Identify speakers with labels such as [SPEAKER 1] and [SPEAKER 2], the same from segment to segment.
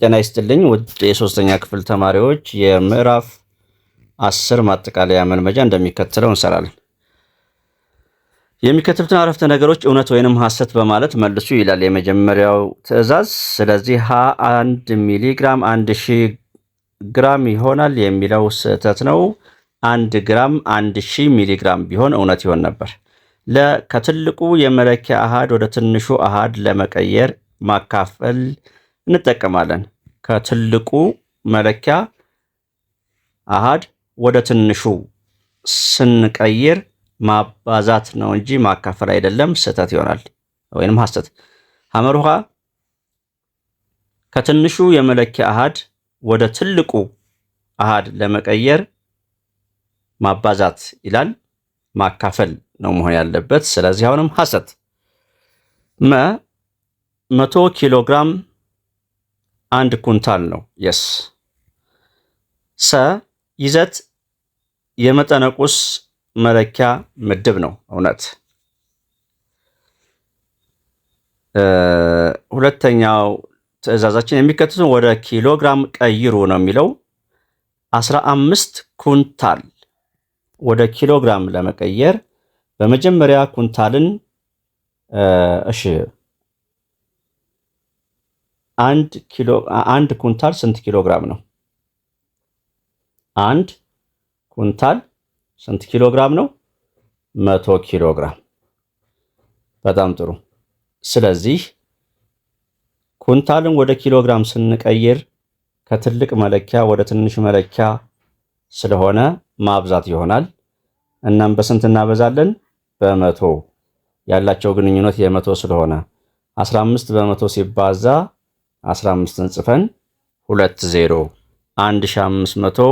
[SPEAKER 1] ጤና ይስጥልኝ ውድ የሶስተኛ ክፍል ተማሪዎች የምዕራፍ አስር ማጠቃለያ መልመጃ እንደሚከተለው እንሰራለን። የሚከተሉትን አረፍተ ነገሮች እውነት ወይንም ሐሰት በማለት መልሱ ይላል የመጀመሪያው ትዕዛዝ። ስለዚህ ሀ አንድ ሚሊግራም አንድ ሺህ ግራም ይሆናል የሚለው ስህተት ነው። አንድ ግራም አንድ ሺህ ሚሊግራም ቢሆን እውነት ይሆን ነበር። ለ ከትልቁ የመለኪያ አሃድ ወደ ትንሹ አሃድ ለመቀየር ማካፈል እንጠቀማለን። ከትልቁ መለኪያ አሃድ ወደ ትንሹ ስንቀይር ማባዛት ነው እንጂ ማካፈል አይደለም። ስህተት ይሆናል ወይንም ሐሰት። ሐመር ውሃ ከትንሹ የመለኪያ አሃድ ወደ ትልቁ አሃድ ለመቀየር ማባዛት ይላል፣ ማካፈል ነው መሆን ያለበት። ስለዚህ አሁንም ሐሰት መ መቶ ኪሎ ግራም አንድ ኩንታል ነው። የስ ሰ ይዘት የመጠነ ቁስ መለኪያ ምድብ ነው። እውነት ሁለተኛው ትዕዛዛችን የሚከተቱን ወደ ኪሎግራም ቀይሩ ነው የሚለው አስራ አምስት ኩንታል ወደ ኪሎግራም ለመቀየር በመጀመሪያ ኩንታልን እሺ አንድ ኪሎ አንድ ኩንታል ስንት ኪሎ ግራም ነው? አንድ ኩንታል ስንት ኪሎ ግራም ነው? መቶ ኪሎ ግራም። በጣም ጥሩ። ስለዚህ ኩንታልን ወደ ኪሎ ግራም ስንቀይር ከትልቅ መለኪያ ወደ ትንሽ መለኪያ ስለሆነ ማብዛት ይሆናል። እናም በስንት እናበዛለን? በመቶ ያላቸው ግንኙነት የመቶ ስለሆነ 15 በመቶ ሲባዛ 15ን ጽፈን 20 1500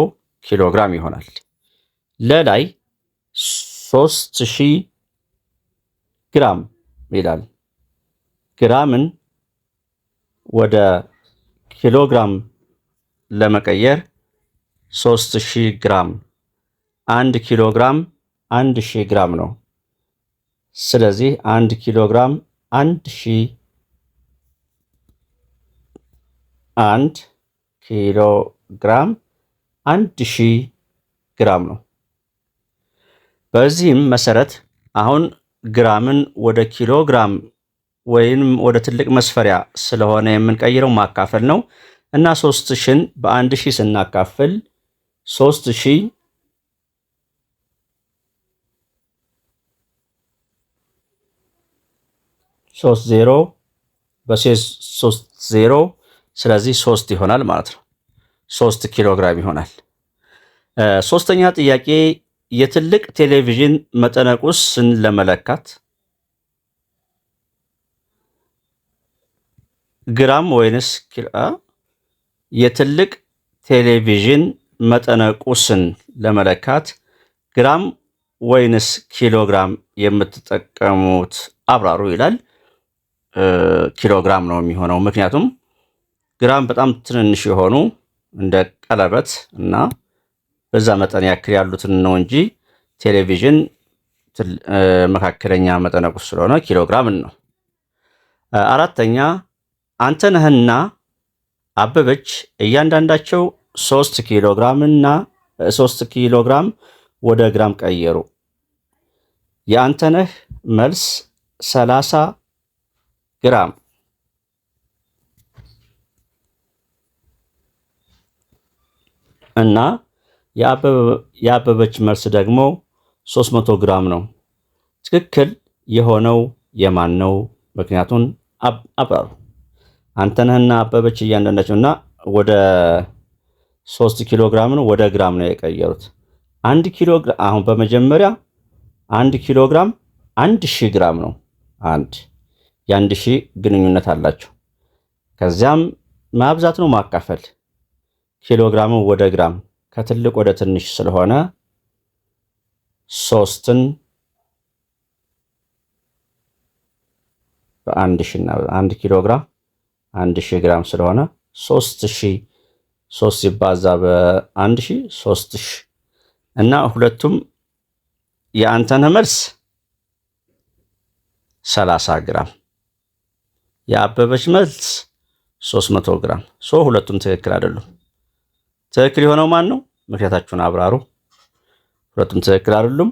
[SPEAKER 1] ኪሎ ግራም ይሆናል። ለላይ 3000 ግራም ይላል። ግራምን ወደ ኪሎ ግራም ለመቀየር 3000 ግራም አንድ ኪሎ ግራም 1000 ግራም ነው። ስለዚህ አንድ ኪሎ ግራም 1000 አንድ ኪሎ ግራም አንድ ሺህ ግራም ነው። በዚህም መሰረት አሁን ግራምን ወደ ኪሎ ግራም ወይም ወደ ትልቅ መስፈሪያ ስለሆነ የምንቀይረው ማካፈል ነው እና ሶስት ሺን በአንድ ሺህ ስናካፍል ሶስት ሺህ ሶስት ዜሮ በሴ ሶስት ዜሮ ስለዚህ ሶስት ይሆናል ማለት ነው። ሶስት ኪሎ ግራም ይሆናል። ሶስተኛ ጥያቄ የትልቅ ቴሌቪዥን መጠነቁስን ለመለካት ግራም ወይንስ የትልቅ ቴሌቪዥን መጠነቁስን ለመለካት ግራም ወይንስ ኪሎ ግራም የምትጠቀሙት አብራሩ ይላል። ኪሎ ግራም ነው የሚሆነው ምክንያቱም ግራም በጣም ትንንሽ የሆኑ እንደ ቀለበት እና በዛ መጠን ያክል ያሉትን ነው እንጂ ቴሌቪዥን መካከለኛ መጠነ ቁስ ስለሆነ ኪሎግራምን ነው። አራተኛ አንተነህና አበበች እያንዳንዳቸው ሶስት ኪሎግራምና ሶስት ኪሎግራም ወደ ግራም ቀየሩ። የአንተነህ መልስ ሰላሳ ግራም እና የአበበች መልስ ደግሞ 300 ግራም ነው። ትክክል የሆነው የማን ነው? ምክንያቱን አብራሩ። አንተነህና አበበች እያንዳንዳቸው እና ወደ 3 ኪሎ ግራም ነው ወደ ግራም ነው የቀየሩት። አንድ ኪሎ አሁን በመጀመሪያ አንድ ኪሎ ግራም አንድ ሺህ ግራም ነው። አንድ የአንድ ሺህ ግንኙነት አላቸው። ከዚያም ማብዛት ነው ማካፈል ግራም ወደ ግራም ከትልቅ ወደ ትንሽ ስለሆነ ሶስትን በአንድ ሺ አንድ ኪሎ ግራም አንድ ሺ ግራም ስለሆነ ሶስት ሺ ሶስት ሲባዛ በአንድ ሺ ሶስት ሺ እና ሁለቱም የአንተነ መልስ ሰላሳ ግራም የአበበች መልስ ሶስት መቶ ግራም ሶ ሁለቱም ትክክል አይደሉም። ትክክል የሆነው ማን ነው? ምክንያታችሁን አብራሩ። ሁለቱም ትክክል አይደሉም።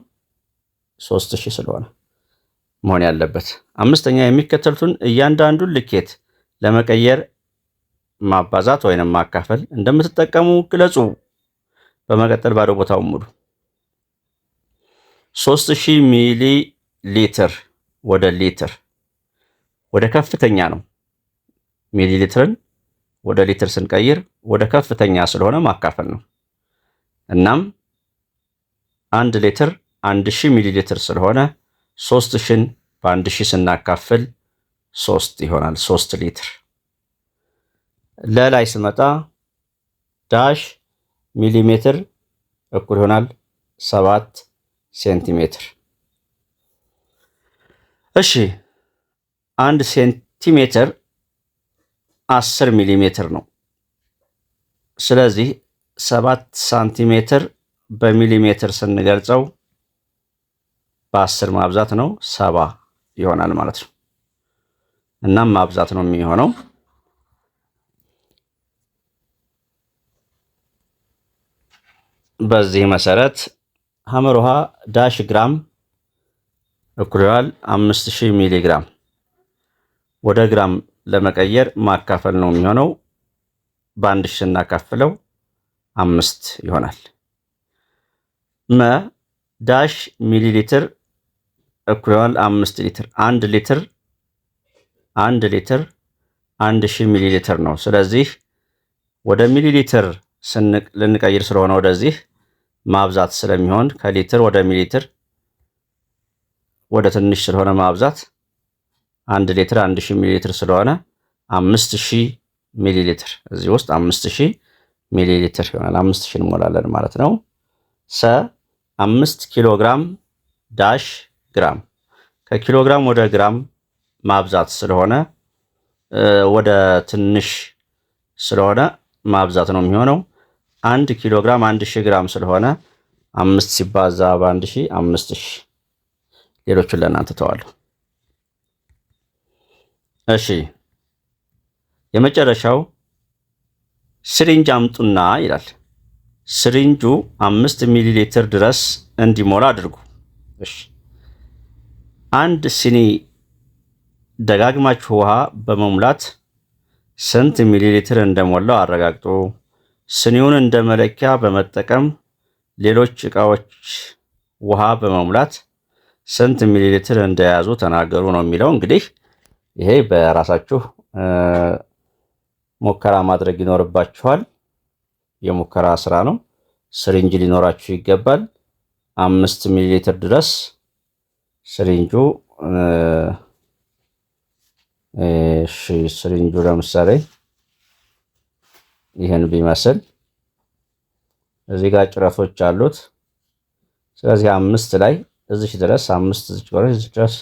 [SPEAKER 1] ሶስት ሺህ ስለሆነ መሆን ያለበት። አምስተኛ የሚከተሉትን እያንዳንዱን ልኬት ለመቀየር ማባዛት ወይንም ማካፈል እንደምትጠቀሙ ግለጹ። በመቀጠል ባዶ ቦታው ሙሉ 3000 ሚሊ ሊትር ወደ ሊትር ወደ ከፍተኛ ነው ሚሊ ሊትርን ወደ ሊትር ስንቀይር ወደ ከፍተኛ ስለሆነ ማካፈል ነው። እናም አንድ ሊትር 1000 ሚሊ ሊትር ስለሆነ 3000ን በ1000 ስናካፍል 3 ይሆናል። 3 ሊትር። ለላይ ስመጣ ዳሽ ሚሊሜትር እኩል ይሆናል 7 ሴንቲሜትር። እሺ አንድ ሴንቲሜትር 10 ሚሊ ሜትር ነው። ስለዚህ 7 ሳንቲሜትር በሚሊ ሜትር ስንገልጸው በ10 ማብዛት ነው ሰባ ይሆናል ማለት ነው። እናም ማብዛት ነው የሚሆነው በዚህ መሰረት ሐመር ውሃ ዳሽ ግራም እኩል ይሆናል 5000 ሚሊ ግራም ወደ ግራም ለመቀየር ማካፈል ነው የሚሆነው። በአንድ ሺህ እናካፍለው አምስት ይሆናል። መ ዳሽ ሚሊ ሊትር እኩል አምስት ሊትር አንድ ሊትር አንድ ሊትር አንድ ሺህ ሚሊ ሊትር ነው። ስለዚህ ወደ ሚሊ ሊትር ልንቀይር ስለሆነ ወደዚህ ማብዛት ስለሚሆን ከሊትር ወደ ሚሊ ሊትር ወደ ትንሽ ስለሆነ ማብዛት አንድ ሊትር አንድ ሺህ ሚሊ ሊትር ስለሆነ አምስት ሺህ ሚሊ ሊትር እዚህ ውስጥ አምስት ሺህ ሚሊ ሊትር ይሆናል። አምስት ሺህ እንሞላለን ማለት ነው። ሰ አምስት ኪሎ ግራም ዳሽ ግራም ከኪሎ ግራም ወደ ግራም ማብዛት ስለሆነ ወደ ትንሽ ስለሆነ ማብዛት ነው የሚሆነው። አንድ ኪሎ ግራም አንድ ሺህ ግራም ስለሆነ አምስት ሲባዛ በአንድ ሺህ አምስት ሺህ ሌሎቹን ለእናንተ ተዋለሁ። እሺ የመጨረሻው ስሪንጅ አምጡና ይላል። ስሪንጁ አምስት ሚሊ ሊትር ድረስ እንዲሞላ አድርጉ። እሺ አንድ ሲኒ ደጋግማችሁ ውሃ በመሙላት ስንት ሚሊ ሊትር እንደሞላው አረጋግጡ። ስኒውን እንደ መለኪያ በመጠቀም ሌሎች እቃዎች ውሃ በመሙላት ስንት ሚሊ ሊትር እንደያዙ ተናገሩ ነው የሚለው እንግዲህ ይሄ በራሳችሁ ሙከራ ማድረግ ይኖርባችኋል። የሙከራ ስራ ነው። ስሪንጅ ሊኖራችሁ ይገባል። አምስት ሚሊ ሊትር ድረስ ስሪንጁ እሺ፣ ስሪንጁ ለምሳሌ ይህን ቢመስል እዚህ ጋር ጭረቶች አሉት። ስለዚህ አምስት ላይ እዚች ድረስ አምስት እዚች ድረስ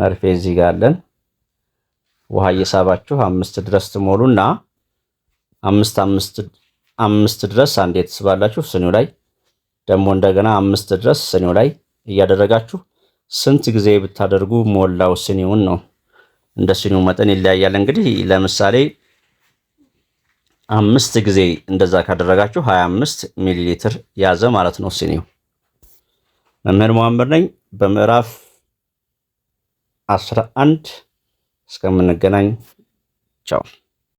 [SPEAKER 1] መርፌ እዚህ ጋር አለን። ውሃ እየሳባችሁ አምስት ድረስ ትሞሉና አምስት አምስት አምስት ድረስ አንዴ ትስባላችሁ። ስኒው ላይ ደግሞ እንደገና አምስት ድረስ ስኒው ላይ እያደረጋችሁ ስንት ጊዜ ብታደርጉ ሞላው ስኒውን ነው። እንደ ስኒው መጠን ይለያያል። እንግዲህ ለምሳሌ አምስት ጊዜ እንደዛ ካደረጋችሁ 25 ሚሊ ሊትር ያዘ ማለት ነው ስኒው። መምህር መዋምር ነኝ በምዕራፍ 11 እስከምንገናኝ ቻው።